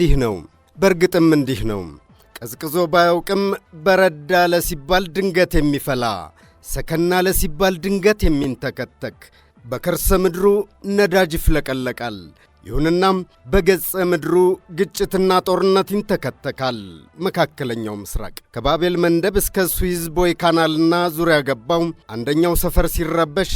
እንዲህ ነው፣ በርግጥም እንዲህ ነው። ቀዝቅዞ ባያውቅም በረዳ ለሲባል ድንገት የሚፈላ ሰከና ለሲባል ድንገት የሚንተከተክ በከርሰ ምድሩ ነዳጅ ይፍለቀለቃል። ይሁንናም በገጸ ምድሩ ግጭትና ጦርነት ይንተከተካል። መካከለኛው ምስራቅ ከባቤል መንደብ እስከ ስዊዝ ቦይ ካናልና ዙሪያ ገባው አንደኛው ሰፈር ሲረበሽ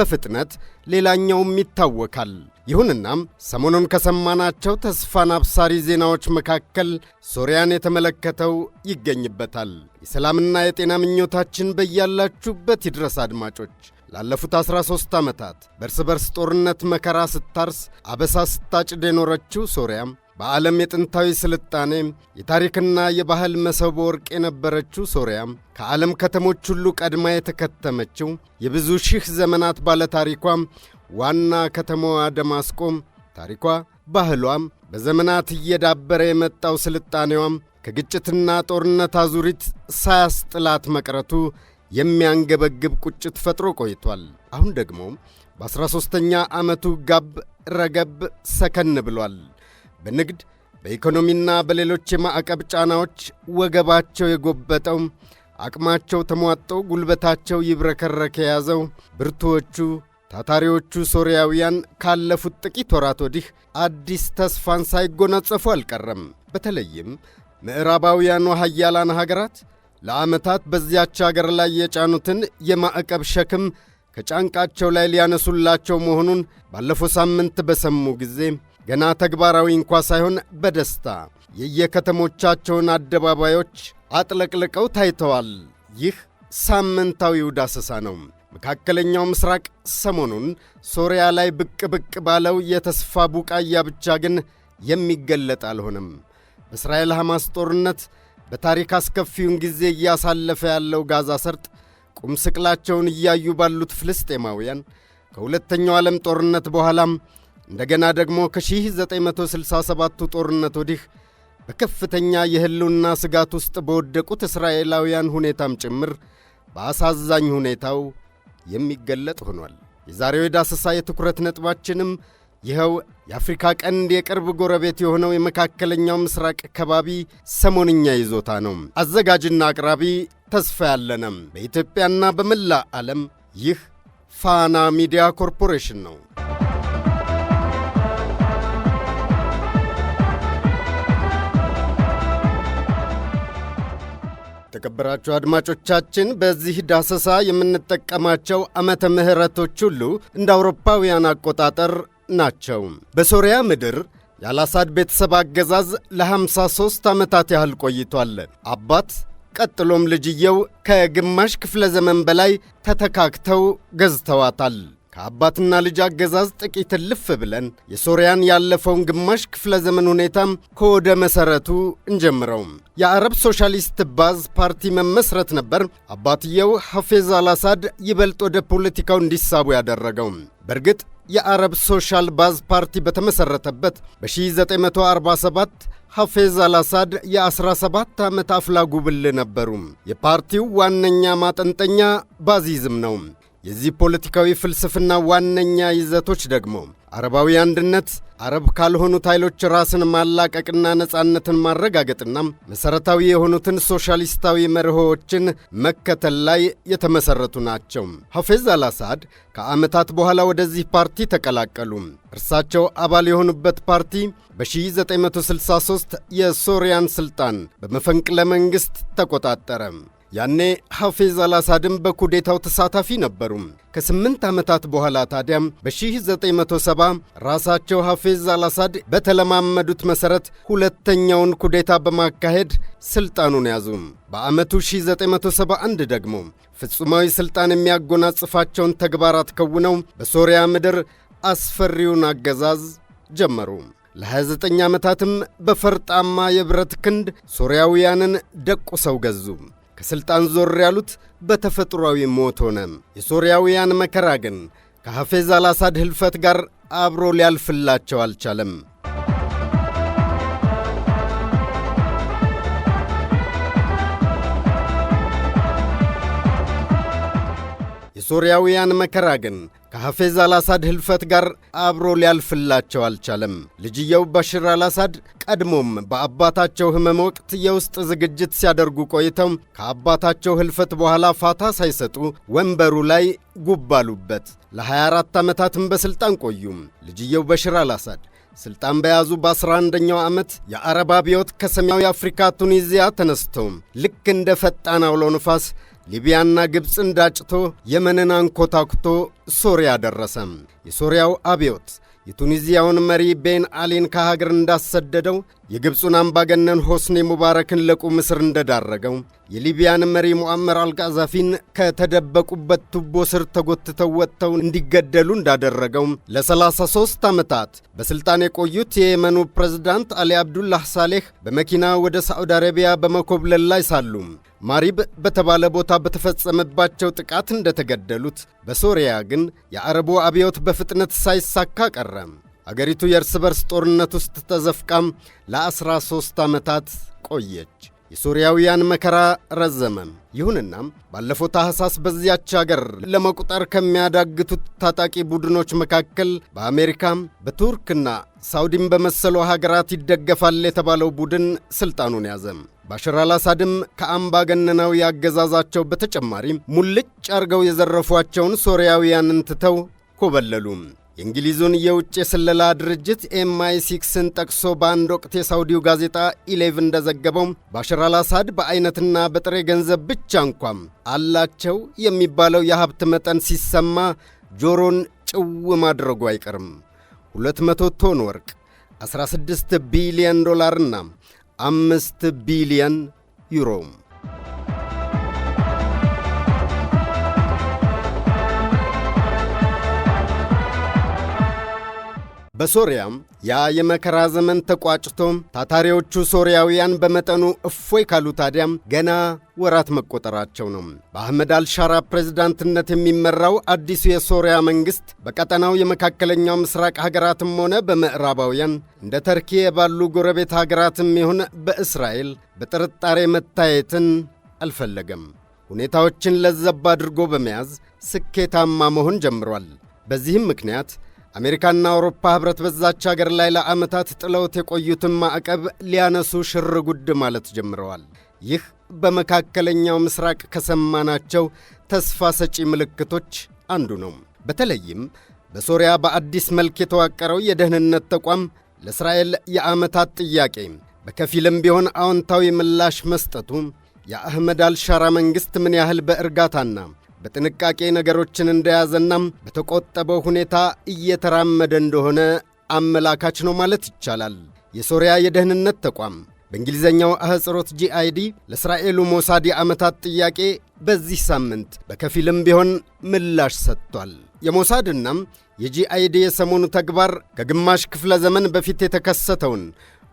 በፍጥነት ሌላኛውም ይታወካል። ይሁንናም ሰሞኑን ከሰማናቸው ተስፋን አብሳሪ ዜናዎች መካከል ሶሪያን የተመለከተው ይገኝበታል። የሰላምና የጤና ምኞታችን በያላችሁበት ይድረስ አድማጮች። ላለፉት 13 ዓመታት በእርስ በርስ ጦርነት መከራ ስታርስ አበሳ ስታጭድ የኖረችው ሶሪያም በዓለም የጥንታዊ ስልጣኔ የታሪክና የባህል መሰብ ወርቅ የነበረችው ሶሪያም ከዓለም ከተሞች ሁሉ ቀድማ የተከተመችው የብዙ ሺህ ዘመናት ባለታሪኳም ዋና ከተማዋ ደማስቆም ታሪኳ፣ ባህሏም፣ በዘመናት እየዳበረ የመጣው ስልጣኔዋም ከግጭትና ጦርነት አዙሪት ሳያስጥላት መቅረቱ የሚያንገበግብ ቁጭት ፈጥሮ ቆይቷል። አሁን ደግሞ በ13ኛ ዓመቱ ጋብ ረገብ ሰከን ብሏል። በንግድ በኢኮኖሚና በሌሎች የማዕቀብ ጫናዎች ወገባቸው የጎበጠው አቅማቸው ተሟጦ ጉልበታቸው ይብረከረከ የያዘው ብርቱዎቹ ታታሪዎቹ ሶርያውያን ካለፉት ጥቂት ወራት ወዲህ አዲስ ተስፋን ሳይጎናጸፉ አልቀረም። በተለይም ምዕራባውያኑ ሀያላን ሀገራት ለዓመታት በዚያች አገር ላይ የጫኑትን የማዕቀብ ሸክም ከጫንቃቸው ላይ ሊያነሱላቸው መሆኑን ባለፈው ሳምንት በሰሙ ጊዜ ገና ተግባራዊ እንኳ ሳይሆን በደስታ የየከተሞቻቸውን አደባባዮች አጥለቅልቀው ታይተዋል። ይህ ሳምንታዊው ዳሰሳ ነው። መካከለኛው ምስራቅ ሰሞኑን ሶሪያ ላይ ብቅ ብቅ ባለው የተስፋ ቡቃያ ብቻ ግን የሚገለጥ አልሆነም። በእስራኤል ሐማስ ጦርነት በታሪክ አስከፊውን ጊዜ እያሳለፈ ያለው ጋዛ ሰርጥ ቁም ስቅላቸውን እያዩ ባሉት ፍልስጤማውያን ከሁለተኛው ዓለም ጦርነት በኋላም እንደገና ደግሞ ከ1967ቱ ጦርነት ወዲህ በከፍተኛ የሕልውና ስጋት ውስጥ በወደቁት እስራኤላውያን ሁኔታም ጭምር በአሳዛኝ ሁኔታው የሚገለጥ ሆኗል። የዛሬው የዳሰሳ የትኩረት ነጥባችንም ይኸው የአፍሪካ ቀንድ የቅርብ ጎረቤት የሆነው የመካከለኛው ምስራቅ ከባቢ ሰሞንኛ ይዞታ ነው። አዘጋጅና አቅራቢ ተስፋ ያለነም በኢትዮጵያና በመላ ዓለም ይህ ፋና ሚዲያ ኮርፖሬሽን ነው። የተከበራችሁ አድማጮቻችን በዚህ ዳሰሳ የምንጠቀማቸው ዓመተ ምሕረቶች ሁሉ እንደ አውሮፓውያን አቆጣጠር ናቸው። በሶሪያ ምድር የአላሳድ ቤተሰብ አገዛዝ ለ53 ዓመታት ያህል ቆይቷል። አባት ቀጥሎም ልጅየው ከግማሽ ክፍለ ዘመን በላይ ተተካክተው ገዝተዋታል። ከአባትና ልጅ አገዛዝ ጥቂት እልፍ ብለን የሶሪያን ያለፈውን ግማሽ ክፍለ ዘመን ሁኔታም ከወደ መሠረቱ እንጀምረው። የአረብ ሶሻሊስት ባዝ ፓርቲ መመስረት ነበር አባትየው ሐፌዝ አልአሳድ ይበልጥ ወደ ፖለቲካው እንዲሳቡ ያደረገው። በእርግጥ የአረብ ሶሻል ባዝ ፓርቲ በተመሠረተበት በ1947 ሐፌዝ አልአሳድ የ17 ዓመት አፍላ ጉብል ነበሩ። የፓርቲው ዋነኛ ማጠንጠኛ ባዚዝም ነው። የዚህ ፖለቲካዊ ፍልስፍና ዋነኛ ይዘቶች ደግሞ አረባዊ አንድነት አረብ ካልሆኑት ኃይሎች ራስን ማላቀቅና ነጻነትን ማረጋገጥና መሠረታዊ የሆኑትን ሶሻሊስታዊ መርሆዎችን መከተል ላይ የተመሠረቱ ናቸው። ሐፌዝ አልአሳድ ከዓመታት በኋላ ወደዚህ ፓርቲ ተቀላቀሉ። እርሳቸው አባል የሆኑበት ፓርቲ በ1963 የሶሪያን ሥልጣን በመፈንቅለ መንግሥት ተቆጣጠረ። ያኔ ሐፊዝ አልአሳድም በኩዴታው ተሳታፊ ነበሩ። ከስምንት ዓመታት በኋላ ታዲያም በ1970 ራሳቸው ሐፊዝ አልአሳድ በተለማመዱት መሠረት ሁለተኛውን ኩዴታ በማካሄድ ሥልጣኑን ያዙ። በዓመቱ 1971 ደግሞ ፍጹማዊ ሥልጣን የሚያጎናጽፋቸውን ተግባራት ከውነው በሶሪያ ምድር አስፈሪውን አገዛዝ ጀመሩ። ለ29 ዓመታትም በፈርጣማ የብረት ክንድ ሶርያውያንን ደቁሰው ገዙ። ከሥልጣን ዞር ያሉት በተፈጥሯዊ ሞት ሆነ። የሶርያውያን መከራ ግን ከሐፌዝ አልአሳድ ህልፈት ጋር አብሮ ሊያልፍላቸው አልቻለም። የሶርያውያን መከራ ግን ከሐፌዝ አልአሳድ ህልፈት ጋር አብሮ ሊያልፍላቸው አልቻለም። ልጅየው በሽር አልአሳድ ቀድሞም በአባታቸው ህመም ወቅት የውስጥ ዝግጅት ሲያደርጉ ቆይተው ከአባታቸው ህልፈት በኋላ ፋታ ሳይሰጡ ወንበሩ ላይ ጉባሉበት። ለ24 ዓመታትም በሥልጣን ቆዩ። ልጅየው በሽር አልአሳድ ሥልጣን በያዙ በ11ኛው ዓመት የአረብ አብዮት ከሰሜናዊ አፍሪካ ቱኒዚያ ተነስቶ ልክ እንደ ፈጣን አውሎ ንፋስ ሊቢያና ግብፅን ዳጭቶ የመንን አንኮታኩቶ ሶሪያ ደረሰም። የሶሪያው አብዮት የቱኒዚያውን መሪ ቤን አሊን ከሀገር እንዳሰደደው የግብፁን አምባገነን ሆስኒ ሙባረክን ለቁም እስር እንደዳረገው የሊቢያን መሪ ሙአመር አልቃዛፊን ከተደበቁበት ቱቦ ስር ተጎትተው ወጥተው እንዲገደሉ እንዳደረገው ለ33 ዓመታት በሥልጣን የቆዩት የየመኑ ፕሬዝዳንት አሊ አብዱላህ ሳሌህ በመኪና ወደ ሳዑዲ አረቢያ በመኮብለል ላይ ሳሉ ማሪብ በተባለ ቦታ በተፈጸመባቸው ጥቃት እንደተገደሉት በሶሪያ ግን የአረቡ አብዮት በፍጥነት ሳይሳካ ቀረም። አገሪቱ የእርስ በርስ ጦርነት ውስጥ ተዘፍቃም ለ13 ዓመታት ቆየች። የሶሪያውያን መከራ ረዘመም። ይሁንናም ባለፈው ታህሳስ በዚያች አገር ለመቁጠር ከሚያዳግቱት ታጣቂ ቡድኖች መካከል በአሜሪካም በቱርክና ሳውዲም በመሰሉ ሀገራት ይደገፋል የተባለው ቡድን ስልጣኑን ያዘም። ባሽር ከአምባ ከአምባገነናዊ አገዛዛቸው በተጨማሪ ሙልጭ አርገው የዘረፏቸውን ሶርያውያንን ትተው ኮበለሉ። የእንግሊዙን የውጭ የስለላ ድርጅት ኤምአይ ሲክስን ጠቅሶ በአንድ ወቅት የሳውዲው ጋዜጣ ኢሌቭ እንደዘገበው ባሽር አልአሳድ በአይነትና በጥሬ ገንዘብ ብቻ እንኳም አላቸው የሚባለው የሀብት መጠን ሲሰማ ጆሮን ጭው ማድረጉ አይቀርም። 200 ቶን ወርቅ፣ 16 ቢሊዮን ዶላርና አምስት ቢሊየን ዩሮ በሶሪያም ያ የመከራ ዘመን ተቋጭቶ ታታሪዎቹ ሶርያውያን በመጠኑ እፎይ ካሉ ታዲያም ገና ወራት መቆጠራቸው ነው። በአህመድ አልሻራ ፕሬዝዳንትነት የሚመራው አዲሱ የሶሪያ መንግሥት በቀጠናው የመካከለኛው ምስራቅ ሀገራትም ሆነ በምዕራባውያን እንደ ተርኪ ባሉ ጎረቤት ሀገራትም ይሁን በእስራኤል በጥርጣሬ መታየትን አልፈለገም። ሁኔታዎችን ለዘብ አድርጎ በመያዝ ስኬታማ መሆን ጀምሯል። በዚህም ምክንያት አሜሪካና አውሮፓ ህብረት በዛች አገር ላይ ለዓመታት ጥለውት የቆዩትን ማዕቀብ ሊያነሱ ሽር ጉድ ማለት ጀምረዋል። ይህ በመካከለኛው ምስራቅ ከሰማናቸው ተስፋ ሰጪ ምልክቶች አንዱ ነው። በተለይም በሶሪያ በአዲስ መልክ የተዋቀረው የደህንነት ተቋም ለእስራኤል የዓመታት ጥያቄ በከፊልም ቢሆን አዎንታዊ ምላሽ መስጠቱ የአህመድ አልሻራ መንግሥት ምን ያህል በእርጋታና በጥንቃቄ ነገሮችን እንደያዘና በተቆጠበው ሁኔታ እየተራመደ እንደሆነ አመላካች ነው ማለት ይቻላል። የሶሪያ የደህንነት ተቋም በእንግሊዝኛው አህጽሮት ጂአይዲ ለእስራኤሉ ሞሳድ የዓመታት ጥያቄ በዚህ ሳምንት በከፊልም ቢሆን ምላሽ ሰጥቷል። የሞሳድና የጂአይዲ የሰሞኑ ተግባር ከግማሽ ክፍለ ዘመን በፊት የተከሰተውን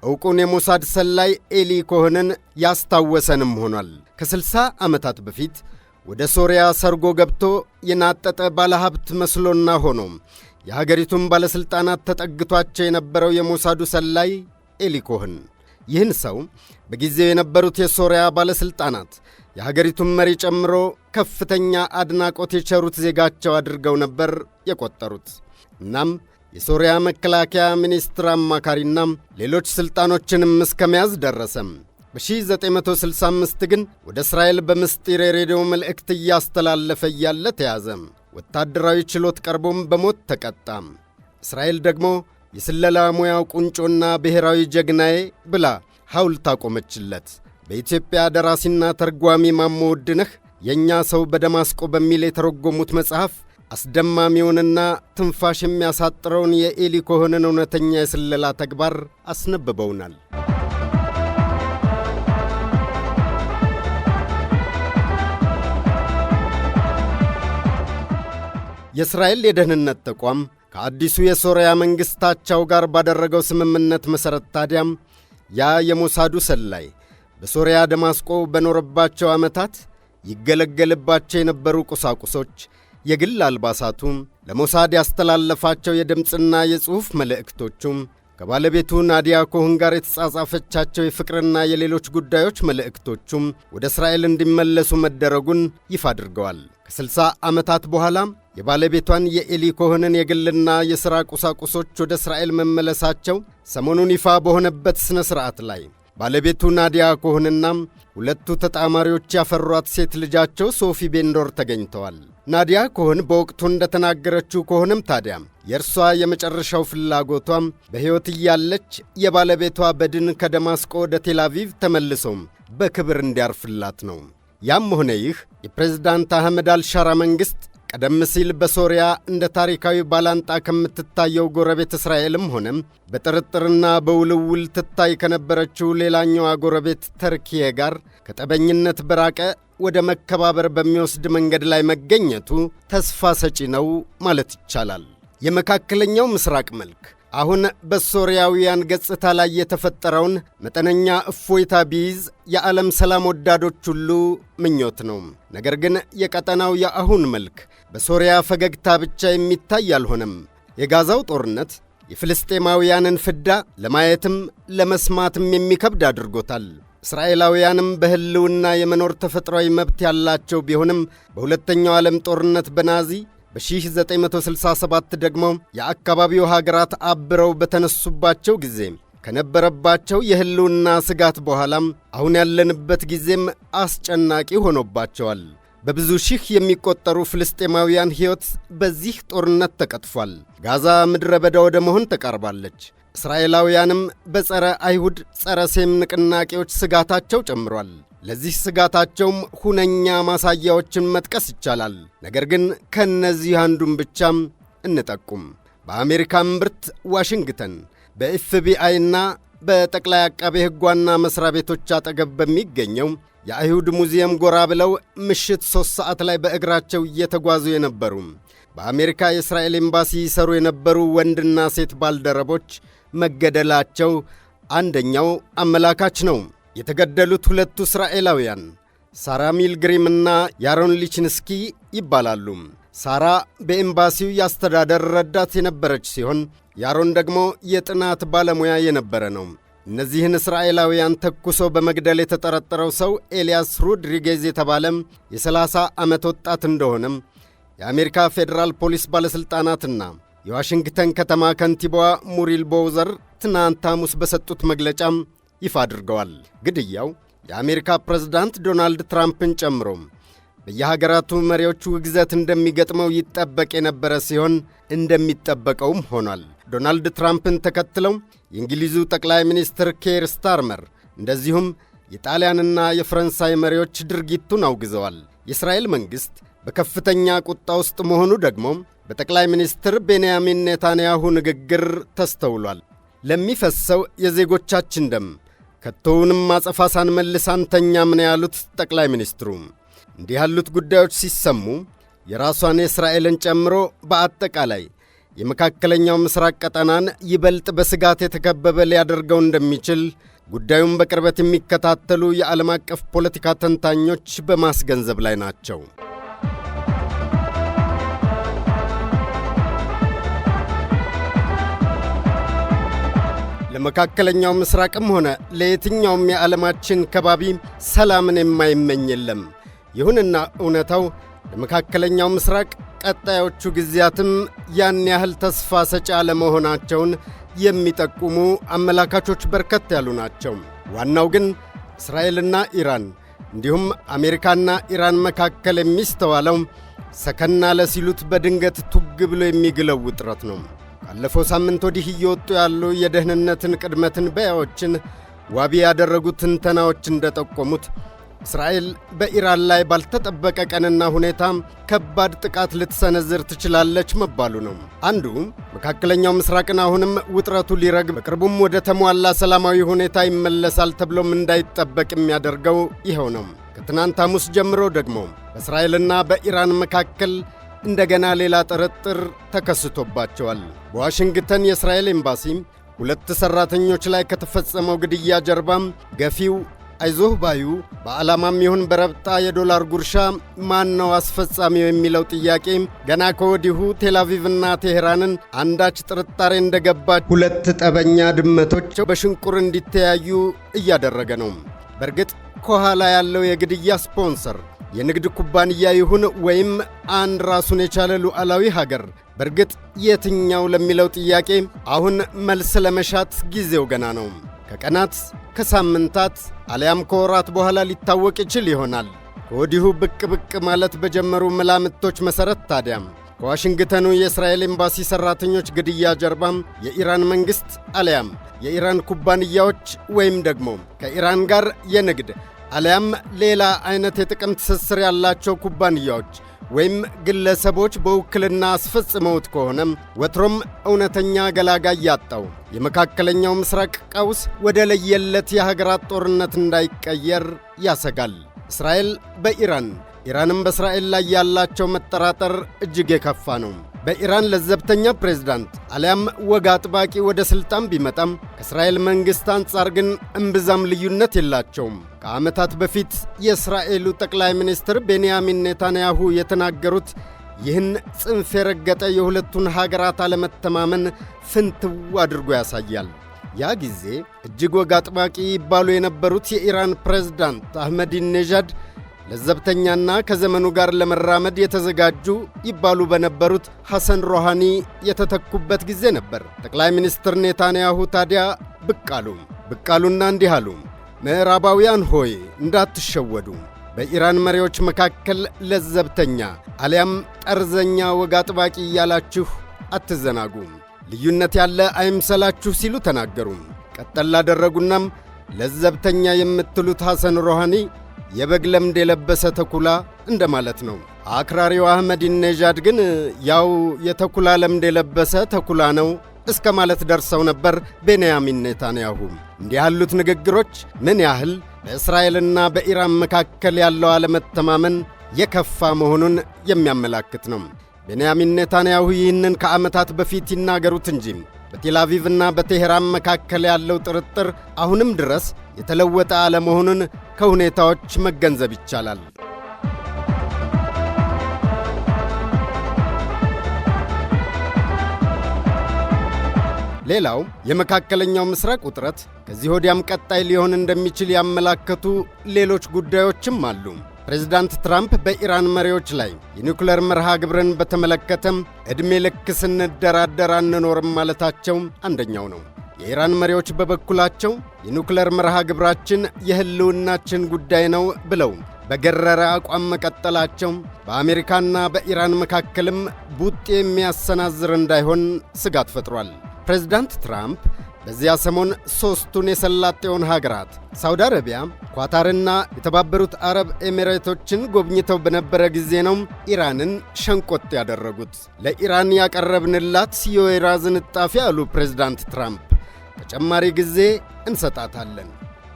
ዕውቁን የሞሳድ ሰላይ ኤሊ ኮሆንን ያስታወሰንም ሆኗል። ከ60 ዓመታት በፊት ወደ ሶሪያ ሰርጎ ገብቶ የናጠጠ ባለሀብት መስሎና ሆኖ የሀገሪቱን ባለሥልጣናት ተጠግቷቸው የነበረው የሞሳዱ ሰላይ ኤሊ ኮህን ይህን ሰው በጊዜው የነበሩት የሶሪያ ባለሥልጣናት የሀገሪቱን መሪ ጨምሮ ከፍተኛ አድናቆት የቸሩት ዜጋቸው አድርገው ነበር የቆጠሩት። እናም የሶሪያ መከላከያ ሚኒስትር አማካሪና ሌሎች ሥልጣኖችንም እስከመያዝ ደረሰም። በ1965 ግን ወደ እስራኤል በምስጢር የሬዲዮ መልእክት እያስተላለፈ እያለ ተያዘም። ወታደራዊ ችሎት ቀርቦም በሞት ተቀጣም። እስራኤል ደግሞ የስለላ ሙያው ቁንጮና ብሔራዊ ጀግናዬ ብላ ሐውልት አቆመችለት። በኢትዮጵያ ደራሲና ተርጓሚ ማሞ ውድነህ የእኛ ሰው በደማስቆ በሚል የተረጎሙት መጽሐፍ አስደማሚውንና ትንፋሽ የሚያሳጥረውን የኤሊ ኮሆንን እውነተኛ የስለላ ተግባር አስነብበውናል። የእስራኤል የደህንነት ተቋም ከአዲሱ የሶርያ መንግሥታቸው ጋር ባደረገው ስምምነት መሠረት ታዲያም ያ የሞሳዱ ሰላይ በሶርያ ደማስቆ በኖረባቸው ዓመታት ይገለገልባቸው የነበሩ ቁሳቁሶች፣ የግል አልባሳቱም፣ ለሞሳድ ያስተላለፋቸው የድምፅና የጽሑፍ መልእክቶቹም፣ ከባለቤቱ ናዲያ ኮህን ጋር የተጻጻፈቻቸው የፍቅርና የሌሎች ጉዳዮች መልእክቶቹም ወደ እስራኤል እንዲመለሱ መደረጉን ይፋ አድርገዋል። ከ60 ዓመታት በኋላም የባለቤቷን የኤሊ ኮህንን የግልና የሥራ ቁሳቁሶች ወደ እስራኤል መመለሳቸው ሰሞኑን ይፋ በሆነበት ሥነ ሥርዓት ላይ ባለቤቱ ናዲያ ኮሆንና ሁለቱ ተጣማሪዎች ያፈሯት ሴት ልጃቸው ሶፊ ቤንዶር ተገኝተዋል። ናዲያ ኮህን በወቅቱ እንደተናገረችው ከሆነም ታዲያ የእርሷ የመጨረሻው ፍላጎቷም በሕይወት እያለች የባለቤቷ በድን ከደማስቆ ወደ ቴላቪቭ ተመልሶም በክብር እንዲያርፍላት ነው። ያም ሆነ ይህ የፕሬዝዳንት አህመድ አልሻራ መንግሥት ቀደም ሲል በሶሪያ እንደ ታሪካዊ ባላንጣ ከምትታየው ጎረቤት እስራኤልም ሆነ በጥርጥርና በውልውል ትታይ ከነበረችው ሌላኛዋ ጎረቤት ተርኪዬ ጋር ከጠበኝነት በራቀ ወደ መከባበር በሚወስድ መንገድ ላይ መገኘቱ ተስፋ ሰጪ ነው ማለት ይቻላል። የመካከለኛው ምስራቅ መልክ አሁን በሶርያውያን ገጽታ ላይ የተፈጠረውን መጠነኛ እፎይታ ቢይዝ የዓለም ሰላም ወዳዶች ሁሉ ምኞት ነው። ነገር ግን የቀጠናው የአሁን መልክ በሶሪያ ፈገግታ ብቻ የሚታይ አልሆነም። የጋዛው ጦርነት የፍልስጤማውያንን ፍዳ ለማየትም ለመስማትም የሚከብድ አድርጎታል። እስራኤላውያንም በሕልውና የመኖር ተፈጥሯዊ መብት ያላቸው ቢሆንም በሁለተኛው ዓለም ጦርነት በናዚ በ1967 ደግሞ የአካባቢው ሀገራት አብረው በተነሱባቸው ጊዜ ከነበረባቸው የሕልውና ስጋት በኋላም አሁን ያለንበት ጊዜም አስጨናቂ ሆኖባቸዋል። በብዙ ሺህ የሚቆጠሩ ፍልስጤማውያን ሕይወት በዚህ ጦርነት ተቀጥፏል። ጋዛ ምድረ በዳ ወደ መሆን ተቃርባለች። እስራኤላውያንም በጸረ አይሁድ ጸረ ሴም ንቅናቄዎች ስጋታቸው ጨምሯል። ለዚህ ስጋታቸውም ሁነኛ ማሳያዎችን መጥቀስ ይቻላል። ነገር ግን ከእነዚህ አንዱን ብቻም እንጠቁም። በአሜሪካ እምብርት ዋሽንግተን በኤፍቢአይ እና በጠቅላይ አቃቤ ሕግ ዋና መሥሪያ ቤቶች አጠገብ በሚገኘው የአይሁድ ሙዚየም ጎራ ብለው ምሽት ሦስት ሰዓት ላይ በእግራቸው እየተጓዙ የነበሩ በአሜሪካ የእስራኤል ኤምባሲ ይሠሩ የነበሩ ወንድና ሴት ባልደረቦች መገደላቸው አንደኛው አመላካች ነው። የተገደሉት ሁለቱ እስራኤላውያን ሳራ ሚልግሪም እና ያሮን ሊችንስኪ ይባላሉ። ሳራ በኤምባሲው የአስተዳደር ረዳት የነበረች ሲሆን ያሮን ደግሞ የጥናት ባለሙያ የነበረ ነው። እነዚህን እስራኤላውያን ተኩሶ በመግደል የተጠረጠረው ሰው ኤልያስ ሮድሪጌዝ የተባለም የ30 ዓመት ወጣት እንደሆነም የአሜሪካ ፌዴራል ፖሊስ ባለሥልጣናትና የዋሽንግተን ከተማ ከንቲባዋ ሙሪል ቦውዘር ትናንት ሐሙስ በሰጡት መግለጫም ይፋ አድርገዋል። ግድያው የአሜሪካ ፕሬዝዳንት ዶናልድ ትራምፕን ጨምሮም በየሀገራቱ መሪዎቹ ውግዘት እንደሚገጥመው ይጠበቅ የነበረ ሲሆን እንደሚጠበቀውም ሆኗል። ዶናልድ ትራምፕን ተከትለው የእንግሊዙ ጠቅላይ ሚኒስትር ኬር ስታርመር እንደዚሁም የጣሊያንና የፈረንሳይ መሪዎች ድርጊቱን አውግዘዋል። የእስራኤል መንግሥት በከፍተኛ ቁጣ ውስጥ መሆኑ ደግሞ በጠቅላይ ሚኒስትር ቤንያሚን ኔታንያሁ ንግግር ተስተውሏል። ለሚፈሰው የዜጎቻችን ደም ከቶውንም አጸፋ ሳንመልስ አንተኛም ነው ያሉት ጠቅላይ ሚኒስትሩ። እንዲህ ያሉት ጉዳዮች ሲሰሙ የራሷን የእስራኤልን ጨምሮ በአጠቃላይ የመካከለኛው ምስራቅ ቀጠናን ይበልጥ በስጋት የተከበበ ሊያደርገው እንደሚችል ጉዳዩን በቅርበት የሚከታተሉ የዓለም አቀፍ ፖለቲካ ተንታኞች በማስገንዘብ ላይ ናቸው። ለመካከለኛው ምሥራቅም ሆነ ለየትኛውም የዓለማችን ከባቢ ሰላምን የማይመኝ የለም። ይሁንና እውነታው ለመካከለኛው ምስራቅ ቀጣዮቹ ጊዜያትም ያን ያህል ተስፋ ሰጪ አለመሆናቸውን የሚጠቁሙ አመላካቾች በርከት ያሉ ናቸው። ዋናው ግን እስራኤልና ኢራን እንዲሁም አሜሪካና ኢራን መካከል የሚስተዋለው ሰከና ለሲሉት በድንገት ቱግ ብሎ የሚግለው ውጥረት ነው። ካለፈው ሳምንት ወዲህ እየወጡ ያሉ የደህንነትን ቅድመ ትንበያዎችን ዋቢ ያደረጉ ትንተናዎች እንደጠቆሙት እስራኤል በኢራን ላይ ባልተጠበቀ ቀንና ሁኔታ ከባድ ጥቃት ልትሰነዝር ትችላለች መባሉ ነው። አንዱ መካከለኛው ምስራቅን አሁንም ውጥረቱ ሊረግብ በቅርቡም ወደ ተሟላ ሰላማዊ ሁኔታ ይመለሳል ተብሎም እንዳይጠበቅ የሚያደርገው ይኸው ነው። ከትናንት ሐሙስ ጀምሮ ደግሞ በእስራኤልና በኢራን መካከል እንደገና ሌላ ጥርጥር ተከስቶባቸዋል። በዋሽንግተን የእስራኤል ኤምባሲ ሁለት ሠራተኞች ላይ ከተፈጸመው ግድያ ጀርባም ገፊው አይዞህ ባዩ በዓላማም ይሁን በረብጣ የዶላር ጉርሻ ማን ነው አስፈጻሚው የሚለው ጥያቄ ገና ከወዲሁ ቴላቪቭና ቴሄራንን አንዳች ጥርጣሬ እንደገባች ሁለት ጠበኛ ድመቶች በሽንቁር እንዲተያዩ እያደረገ ነው። በእርግጥ ከኋላ ያለው የግድያ ስፖንሰር የንግድ ኩባንያ ይሁን ወይም አንድ ራሱን የቻለ ሉዓላዊ ሀገር፣ በእርግጥ የትኛው ለሚለው ጥያቄ አሁን መልስ ለመሻት ጊዜው ገና ነው። ከቀናት ከሳምንታት አሊያም ከወራት በኋላ ሊታወቅ ይችል ይሆናል። ከወዲሁ ብቅ ብቅ ማለት በጀመሩ መላምቶች መሠረት ታዲያም ከዋሽንግተኑ የእስራኤል ኤምባሲ ሠራተኞች ግድያ ጀርባም የኢራን መንግሥት አሊያም የኢራን ኩባንያዎች ወይም ደግሞ ከኢራን ጋር የንግድ አሊያም ሌላ አይነት የጥቅም ትስስር ያላቸው ኩባንያዎች ወይም ግለሰቦች በውክልና አስፈጽመውት ከሆነም ወትሮም እውነተኛ ገላጋይ ያጣው የመካከለኛው ምስራቅ ቀውስ ወደ ለየለት የሀገራት ጦርነት እንዳይቀየር ያሰጋል። እስራኤል በኢራን ኢራንም በእስራኤል ላይ ያላቸው መጠራጠር እጅግ የከፋ ነው። በኢራን ለዘብተኛ ፕሬዝዳንት አሊያም ወግ አጥባቂ ወደ ሥልጣን ቢመጣም ከእስራኤል መንግሥት አንጻር ግን እምብዛም ልዩነት የላቸውም። ከዓመታት በፊት የእስራኤሉ ጠቅላይ ሚኒስትር ቤንያሚን ኔታንያሁ የተናገሩት ይህን ጽንፍ የረገጠ የሁለቱን ሀገራት አለመተማመን ፍንትው አድርጎ ያሳያል። ያ ጊዜ እጅግ ወግ አጥባቂ ይባሉ የነበሩት የኢራን ፕሬዝዳንት ኔዣድ። ለዘብተኛና ከዘመኑ ጋር ለመራመድ የተዘጋጁ ይባሉ በነበሩት ሐሰን ሮሃኒ የተተኩበት ጊዜ ነበር። ጠቅላይ ሚኒስትር ኔታንያሁ ታዲያ ብቅ አሉ። ብቅ አሉና እንዲህ አሉ። ምዕራባውያን ሆይ እንዳትሸወዱ፣ በኢራን መሪዎች መካከል ለዘብተኛ አሊያም ጠርዘኛ ወግ አጥባቂ እያላችሁ አትዘናጉ፣ ልዩነት ያለ አይምሰላችሁ ሲሉ ተናገሩ። ቀጠል ላደረጉናም ለዘብተኛ የምትሉት ሐሰን ሮሃኒ የበግ ለምድ የለበሰ ተኩላ እንደማለት ነው። አክራሪው አህመዲነዣድ ግን ያው የተኩላ ለምድ የለበሰ ተኩላ ነው እስከ ማለት ደርሰው ነበር። ቤንያሚን ኔታንያሁ እንዲህ ያሉት ንግግሮች ምን ያህል በእስራኤልና በኢራን መካከል ያለው አለመተማመን የከፋ መሆኑን የሚያመላክት ነው። ቤንያሚን ኔታንያሁ ይህንን ከዓመታት በፊት ይናገሩት እንጂ በቴላቪቭና በቴሄራን መካከል ያለው ጥርጥር አሁንም ድረስ የተለወጠ አለመሆኑን ከሁኔታዎች መገንዘብ ይቻላል። ሌላው የመካከለኛው ምስራቅ ውጥረት ከዚህ ወዲያም ቀጣይ ሊሆን እንደሚችል ያመላከቱ ሌሎች ጉዳዮችም አሉ። ፕሬዚዳንት ትራምፕ በኢራን መሪዎች ላይ የኒውክለር መርሃ ግብርን በተመለከተም ዕድሜ ልክ ስንደራደር አንኖርም ማለታቸው አንደኛው ነው። የኢራን መሪዎች በበኩላቸው የኒውክሌር መርሃ ግብራችን የህልውናችን ጉዳይ ነው ብለው በገረረ አቋም መቀጠላቸው በአሜሪካና በኢራን መካከልም ቡጥ የሚያሰናዝር እንዳይሆን ስጋት ፈጥሯል። ፕሬዚዳንት ትራምፕ በዚያ ሰሞን ሦስቱን የሰላጤውን ሀገራት ሳውዲ አረቢያ፣ ኳታርና የተባበሩት አረብ ኤሚሬቶችን ጎብኝተው በነበረ ጊዜ ነው ኢራንን ሸንቆጥ ያደረጉት። ለኢራን ያቀረብንላት የወይራ ዝንጣፊ አሉ ፕሬዝዳንት ትራምፕ፣ ተጨማሪ ጊዜ እንሰጣታለን።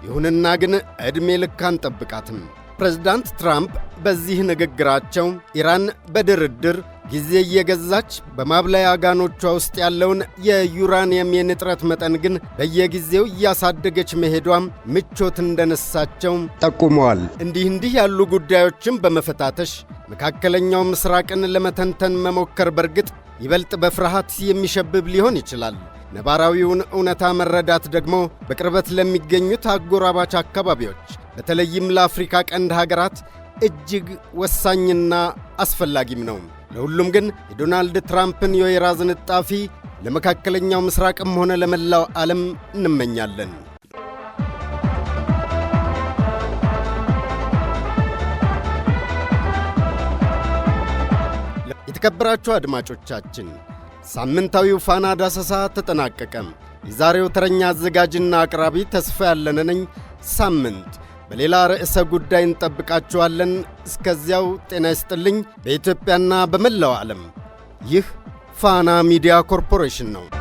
ይሁንና ግን ዕድሜ ልክ አንጠብቃትም። ፕሬዝዳንት ትራምፕ በዚህ ንግግራቸው ኢራን በድርድር ጊዜ እየገዛች በማብላያ አጋኖቿ ውስጥ ያለውን የዩራኒየም የንጥረት መጠን ግን በየጊዜው እያሳደገች መሄዷም ምቾት እንደነሳቸው ጠቁመዋል። እንዲህ እንዲህ ያሉ ጉዳዮችን በመፈታተሽ መካከለኛው ምስራቅን ለመተንተን መሞከር በርግጥ ይበልጥ በፍርሃት የሚሸብብ ሊሆን ይችላል። ነባራዊውን እውነታ መረዳት ደግሞ በቅርበት ለሚገኙት አጎራባች አካባቢዎች በተለይም ለአፍሪካ ቀንድ ሀገራት እጅግ ወሳኝና አስፈላጊም ነው። ለሁሉም ግን የዶናልድ ትራምፕን የወይራ ዝንጣፊ ለመካከለኛው ምስራቅም ሆነ ለመላው ዓለም እንመኛለን። የተከበራችሁ አድማጮቻችን ሳምንታዊው ፋና ዳሰሳ ተጠናቀቀም። የዛሬው ተረኛ አዘጋጅና አቅራቢ ተስፋ ያለነ ነኝ። ሳምንት በሌላ ርዕሰ ጉዳይ እንጠብቃችኋለን። እስከዚያው ጤና ይስጥልኝ። በኢትዮጵያና በመላው ዓለም ይህ ፋና ሚዲያ ኮርፖሬሽን ነው።